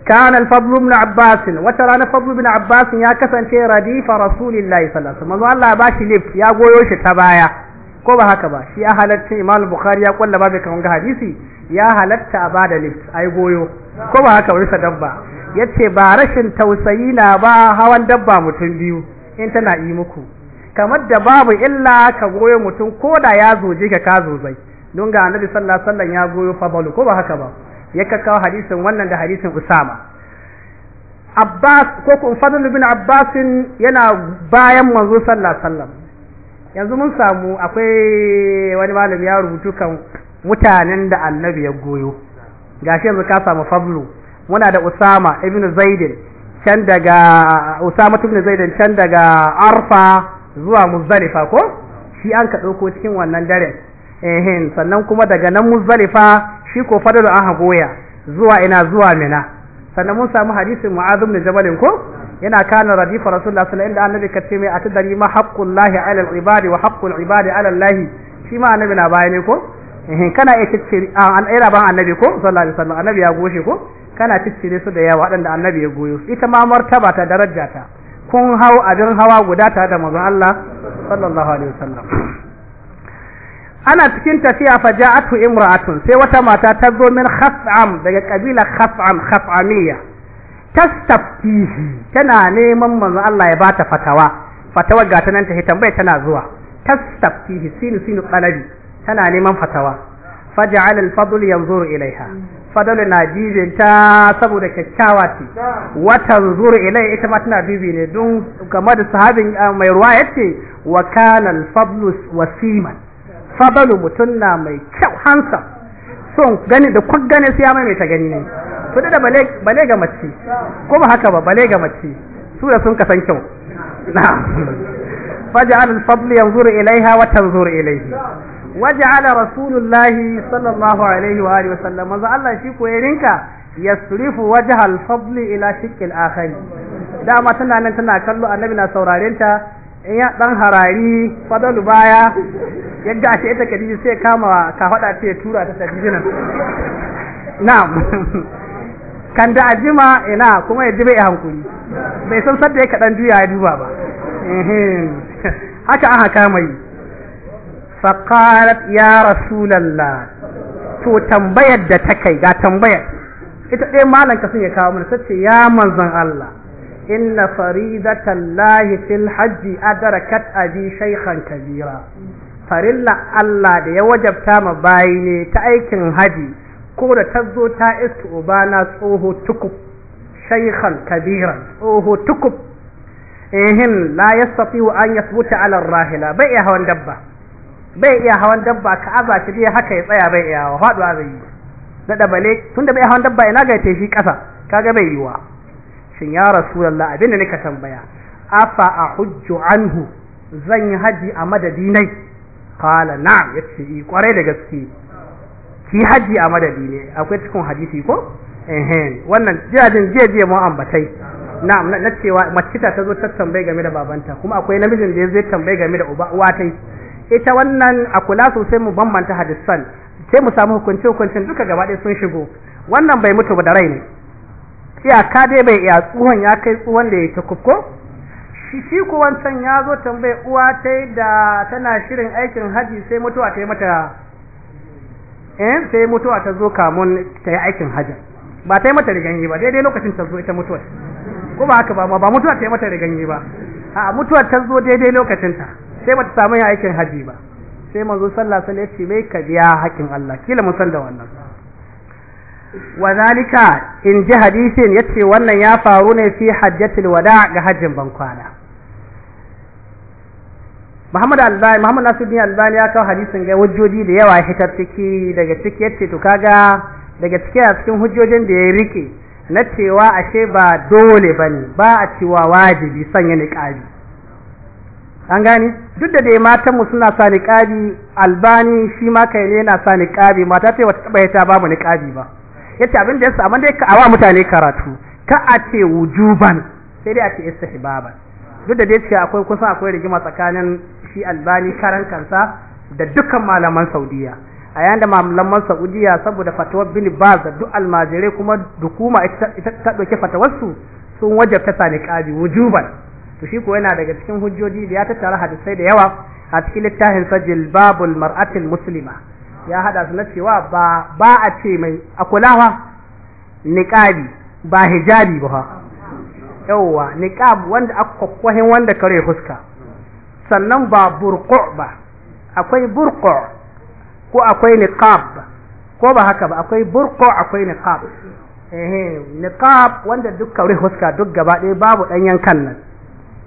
كان الفضل Abbas عباس وترى الفضل بن عباس يا كسن شي رديف رسول الله صلى الله shi وسلم الله باشي لف يا ko ba haka ba shi ya halatta Imam Bukhari ya kulla babu kan ga hadisi ya halatta a bada lift ai goyo ko ba haka wursa dabba yace ba rashin tausayi na ba hawan dabba mutum biyu in tana yi muku kamar da babu illa ka goyo mutum ko da ya zoje ka ka zozai don ga annabi sallallahu alaihi wasallam ya goyo balu ko ba haka ba ya kawo hadisin wannan da hadisin usama abbas ko kun fadl ibn abbas yana bayan manzo sallallahu alaihi wasallam yanzu mun samu akwai wani malami ya rubutu kan mutanen da annabi ya goyo gashi yanzu ka samu fablu muna da usama ibn zaid can daga usama ibn zaid can daga arfa zuwa muzalifa ko shi an ka ɗauko cikin wannan daren ehin sannan kuma daga nan muzalifa shi ko fadalu an goya zuwa ina zuwa mina sannan mun samu hadisin mu'adh ibn jabal ko yana kana radifa rasulullah sallallahu alaihi wasallam annabi kace mai atadari ma haqqullahi ala al-ibadi wa haqqul ibadi ala allahi shi ma annabi na baya ne ko ehin kana yake an era ban annabi ko sallallahu alaihi wasallam annabi ya goshe ko kana ciccire su da yawa da annabi ya goyo ita ma martaba ta daraja ta kun hau abin hawa guda tare da manzon Allah sallallahu alaihi wasallam ana cikin tafiya fa ja'atu imra'atun sai wata mata ta zo min khaf'am daga kabila khaf'am khaf'amiyya tastaftihi tana neman manzon Allah ya bata fatawa fatawa ga ta nan ta tambaya tana zuwa tastaftihi sinu sinu qalabi tana neman fatawa faj'al al-fadl yanzuru ilaiha fadalu na ta saboda kyakkyawa ce watan zuru ilai ita ma tana bibi ne don kamar da sahabin ah, mai ruwa ce wa kana al-fadlu wasiman fadalu mutum na mai kyau hansa son gani da kwak gani sai ya mai ta gani ne to da bale bale ga mace ko ba haka ba bale ga mace su da sun kasan kyau na'am faj'al al-fadlu yanzuru ilaiha wa tanzuru ilaihi waja'ala rasulullahi sallallahu alaihi wa alihi wasallam manzo Allah shi ko yarinka yasrifu wajha al-fadl ila shiqqi al-akhir dama tana nan tana kallo annabi na sauraren ta in ya dan harari fadalu baya yadda ashe ita kadiji sai kama ka fada ta tura ta tabijinan na'am kan da ajima ina kuma ya dibe hankuri bai san sadda ya kadan juya ya duba ba haka aka kama yi faqalat ya rasulallah to tambayar da ta kai ga tambayar ita ɗaya malam ka ya kawo mana ce ya manzon Allah inna faridatan lahi fil hajji adrakat abi shaykhan kabira farilla Allah da ya wajabta ma bayi ne ta aikin haji ko da ta zo ta iska ubana tsoho tukub shaykhan kabira tsoho tukub ehin la yastati an yasbuta ala rahila bai ya hawan dabba bai iya hawan dabba ka aza shi dai haka ya tsaya bai iya hawa faduwa zai yi da dabale tunda bai hawan dabba ina ga ya shi kasa kaga bai yiwa shin ya rasulullah abinda nika tambaya afa a hujju anhu zan yi haji a madadi nai na na'am yace yi eh, kwarai da gaske ki haji a madadi ne akwai cikin hadisi ko eh wannan jajin jeje mu ambatai na'am na cewa mace ta zo ta tambaye game da babanta kuma akwai namijin da zai tambaye game da uba uwa tai ita wannan a kula sosai mu bambanta hadisan sai mu samu hukunci hukuncin duka gaba ɗaya sun shigo wannan bai mutu ba da rai ne iyaka dai bai iya tsuhon ya kai tsuhon da ya ta kubko shi shi ku wancan ya zo tambaye uwa ta yi da tana shirin aikin haji sai mutuwa ta yi mata eh sai mutuwa ta zo kamun ta yi aikin haji ba ta yi mata riganye ba daidai lokacin ta zo ita mutuwa ko ba haka ba ba mutuwa ta yi mata riganye ba a mutuwa ta zo daidai lokacin ta sai bata samu ya aikin haji ba sai manzo sallallahu alaihi wasallam ya ce mai ka biya haƙin Allah kila mun san da wannan wa zalika in ji hadisin yace wannan ya faru ne fi hajjatul wada ga hajjin bankwana Muhammad Albani Muhammad al Albani ya kawo hadisin ga hujjoji da yawa ya ciki daga ciki yace to kaga daga ciki a cikin hujjojin da ya rike na cewa ashe ba dole bane ba a cewa wajibi sanya niqabi an gani duk da dai matan mu suna sa niqabi albani shi ma kai ne yana sa niqabi mata ce wata taba ta ba mu niqabi ba yace abin da yasa amma dai ka awa mutane karatu ka a ce wujuban sai dai a ce istihbaban duk da dai cewa akwai kusa akwai rigima tsakanin shi albani karan kansa da dukkan malaman saudiya a yanda malaman saudiya saboda fatawar bin baz da duk almajirai kuma dukuma ita ta dauke fatawar su sun wajabta sa niqabi wujuban to shi ko yana daga cikin hujjoji da ya tattara hadisai da yawa a cikin littafin sajil babul mar'atil muslima ya hada su na cewa ba ba a ce mai akulawa niqabi ba hijabi ba ha yawwa niqab wanda akwakwahin wanda kare fuska sannan ba burqu ba akwai burqu ko akwai niqab ko ba haka ba akwai burqu akwai niqab eh niqab wanda duk kare fuska duk gaba ɗaya babu ɗanyen kan nan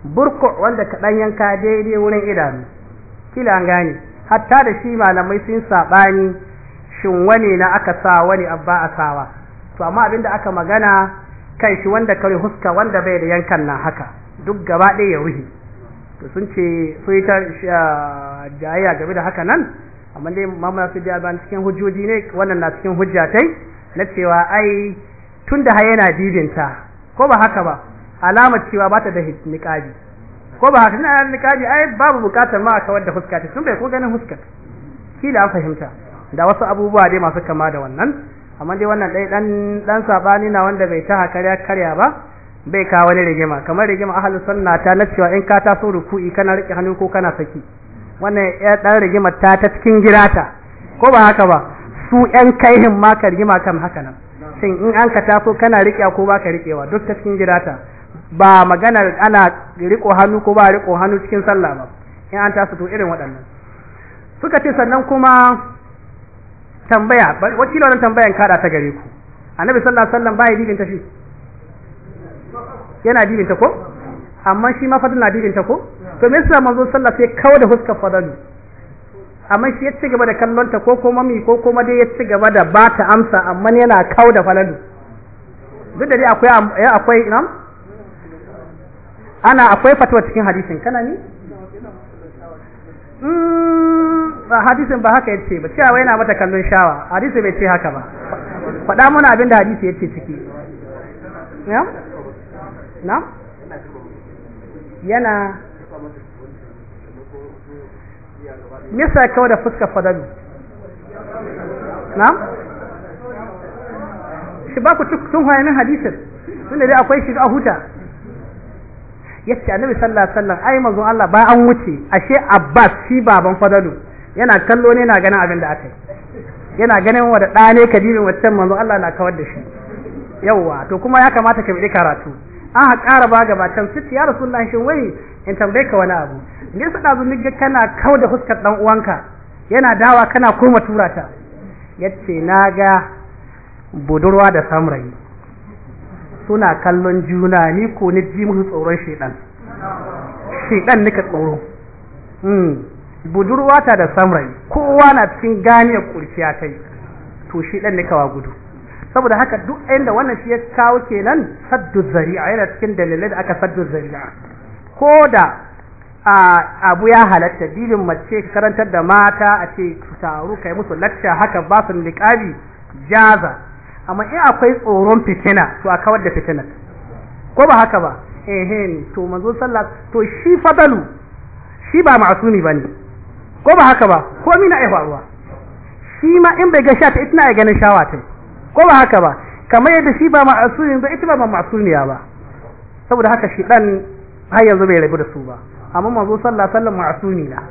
Burko wanda kaɗan yanka daidai wurin idanu kila an gane hatta da shi malamai sun saɓani shin wani na aka sa wani abba a sawa to amma abinda aka magana kan shi wanda kare huska wanda bai da yankan na haka duk gaba ɗaya ya ruhi to sun ce sun yi ta ah, jayayya game da haka nan amma dai mamaya su ja ban cikin hujjoji ne wannan na cikin hujjatai na cewa ai tun da har yana dibinta ko ba haka ba alamar cewa ba ta da niqabi ko ba haka tana niqabi ai babu bukatar ma aka wadda da fuska ta tun bai ko ganin fuskar kila fahimta da wasu abubuwa dai masu kama da wannan amma dai wannan dai dan dan sabani na wanda bai ta hakariya karya ba bai kawo wani rigima kamar rigima ahli sunna ta na cewa in ka taso ruku'i kana rike hannu ko kana saki wannan ya dan rigima ta ta cikin girata ko ba haka ba su yan kaihin ma ka rigima kan haka nan shin in an ka ta so kana rike ko baka rikewa duk ta cikin girata ba maganar ana riko hannu ko ba riko hannu cikin sallah ba in an tasu to irin waɗannan suka ce sannan kuma tambaya wakilin wannan tambayan kada ta gare ku annabi sallallahu alaihi wasallam bai dibin ta shi yana dibin ta ko amma shi ma fadin na dibin ta ko to me yasa manzo sallallahu sai kawo da huskar fadalu amma shi ya ci gaba da kallon ta ko kuma mi ko kuma dai ya ci gaba da ba ta amsa amma yana kawo da falalu duk da dai akwai eh, akwai ana akwai fatuwa cikin hadisin kana ni hmm, ba hadisin ba haka yace ba cewa yana mata kallon shawa hadisi bai ce haka ba faɗa mana abin da hadisi yace ciki ya na yana Misa kawo da fuska fadalu na shi ba ku tun hayanin hadisin da dai akwai shiga huta yace annabi sallallahu alaihi wasallam ai manzo Allah ba an wuce ashe Abbas shi baban fadalu yana kallo ne na ganin abin da aka yi yana ganin wanda da ne kabirin wacce manzo Allah na kawar da shi yawwa to kuma ya kamata ka bi karatu an ƙara ba gabatan su ya rasulullahi shin wai in tambaye ka wani abu ne su ɗazu nige kana kau da fuskar dan uwanka yana dawa kana koma ta yace na ga budurwa da samurayi suna kallon juna ni ko ni ji musu tsoron shedan shedan nika tsoro hmm. budurwa ta da samurai kowa na cikin gane kurciya kai to shedan nika wa gudu saboda haka duk inda wannan shi ya kawo kenan saddu zari'a yana cikin dalilai da aka saddu zari'a ko da abu ya halatta dibin mace ka karantar da mata a ce su taru kai musu lacca haka ba su jaza amma in akwai tsoron fitina to a kawar da fitinar ko ba haka ba eh to manzo sallah to shi fadalu shi ba masumi bane ko ba haka ba ko mina ai faruwa shi ma in bai ga shata ita ya ganin shawa ko ba haka ba kamar yadda shi ba masumi ba ita ba masumiya ba saboda haka shi dan har yanzu bai rabu da su ba amma manzo sallah sallan masumi na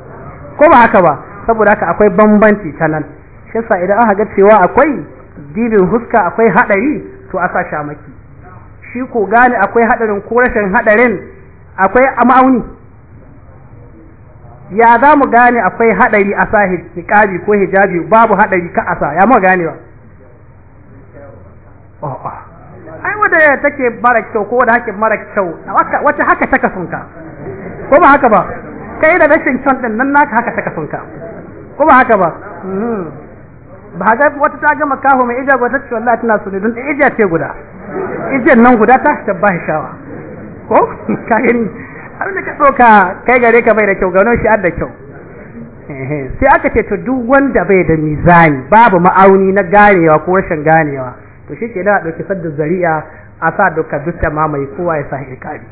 ko ba haka ba saboda haka akwai bambanci ta nan shi yasa idan aka ga cewa akwai dibin huska akwai hadari to a sa shamaki shi ko gane akwai hadarin ko rashin hadarin akwai ma'auni ya za mu gane akwai hadari a sa hijabi ko hijabi babu hadari ka asa ya mu gane ba ai wadda take mara kyau ko wadda hake mara kyau wata haka ta kasunka ko ba haka ba kai da rashin kyan din nan naka haka ta kasunka ko ba haka ba hmm. ba ga wata ta gama kafa mai ija wata ce wallahi tana sunni don ijiya ce guda ijiyar nan guda ta ta shi shawa ko ka gani abin da ka tsoka kai gare ka bai da kyau gano shi da kyau sai aka ce to duk wanda bai da mizani babu ma'auni na ganewa ko rashin ganewa to shi ke da dauki sadda zari'a a sa doka dukka mamaye kowa ya sa hirkari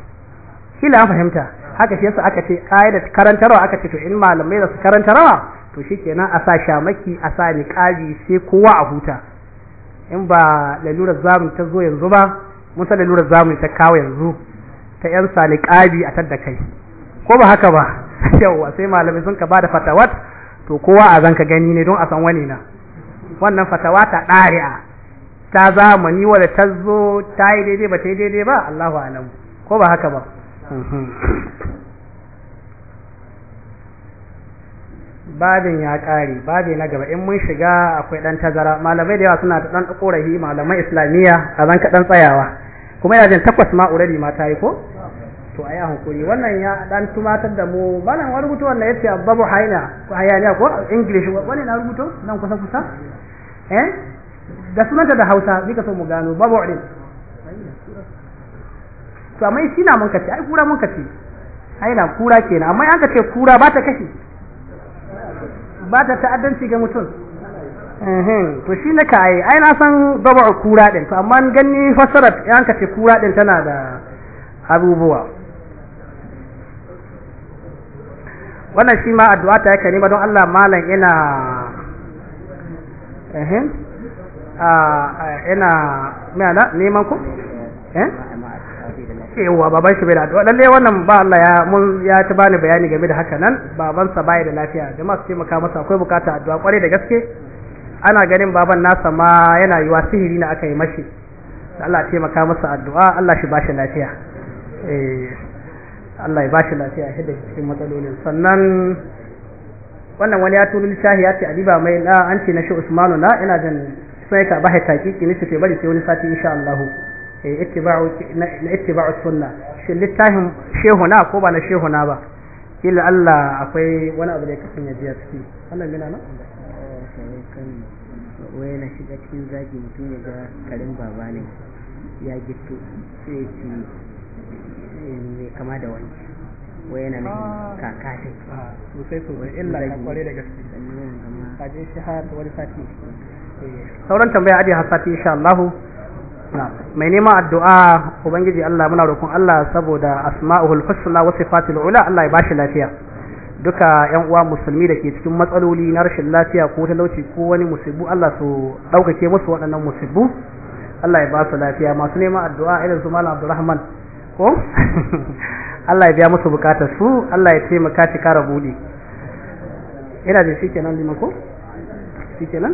kila an fahimta haka shi yasa aka ce da karantarwa aka ce to in malamai da su karantarwa to shikenan a sa shamaki a sa niqabi sai kowa a huta in ba lalurar zamu ta zo yanzu ba mun san lalurar zamu ta kawo yanzu ta yan sa niqabi a tadda kai ko ba haka ba yawa sai malamai sun ka bada fatawat to kowa a zanka gani ne don a san wani na wannan fatawa ta ɗari'a ta zamani wadda ta zo ta yi daidai ba ta yi daidai ba Allahu alam ko ba haka ba mm-hmm. babin ya ƙare babin na gaba in mun shiga akwai ɗan tazara malamai da yawa suna da ɗan ƙorafi malaman islamiyya a zan kaɗan tsayawa kuma yana jin takwas ma uradi ma ta yi ko to a yi hankuri wannan ya ɗan tumatar da mu malam wani rubutu wanda ya ce babu haina ko hayaniya ko english wani na rubuto nan kusa kusa eh da sunanta da hausa ni ka so mu gano babu ɗin to amma shi na mun kace ai kura mun kace haina kura kenan amma an ka ce kura ba ta kashi ba ta ta'addanci ga mutum to shi na kai ai na san zaba kura din to amma ganni fasarar yanka ce kura din tana da abubuwa wannan shi ma addu'a ta yake nima don Allah malam ina a ina me ala neman ku eh ce yawa baban shi bai da addu'a lalle wannan ba Allah ya mun ya ta bani bayani game da haka nan baban sa bai da lafiya jama'a su taimaka masa akwai bukata addu'a kwarai da gaske ana ganin baban nasa ma yana wa sihiri na aka yi mashi Allah taimaka masa addu'a Allah shi bashi lafiya eh Allah ya bashi lafiya hidda cikin matsalolin sannan wannan wani ya turo littafi ya ce adiba mai na an ce na shi Usmanu na ina jan sai ka ba hakiki su ce bari sai wani sati insha Allah Eh, na ittiba'u suna shi littafin shehuna ko ba na shehuna ba kila Allah akwai wani abu da ya kafin ya jiya ciki Allah mina na wai na shiga cikin zagi mutum ya ga karin baba ne ya gito sai ci eh, mai kama da wani wai yana nufin kaka ah, sai su wani illa ya kware da gaske kaje shi har wani sati eh. sauran tambaya ajiye har sati insha Allahu mai neman addu'a ubangiji Allah muna roƙon Allah saboda asma'uhul husna wa sifatul ula Allah ya bashi lafiya duka yan uwa musulmi da ke cikin matsaloli na rashin lafiya ko talauci ko wani musibu Allah su ɗaukake musu waɗannan musibu Allah ya ba su lafiya masu neman addu'a irin su malam Abdulrahman ko Allah ya biya musu bukatar su Allah ya taimaka shi kara buɗe ina da shi kenan liman ko shi kenan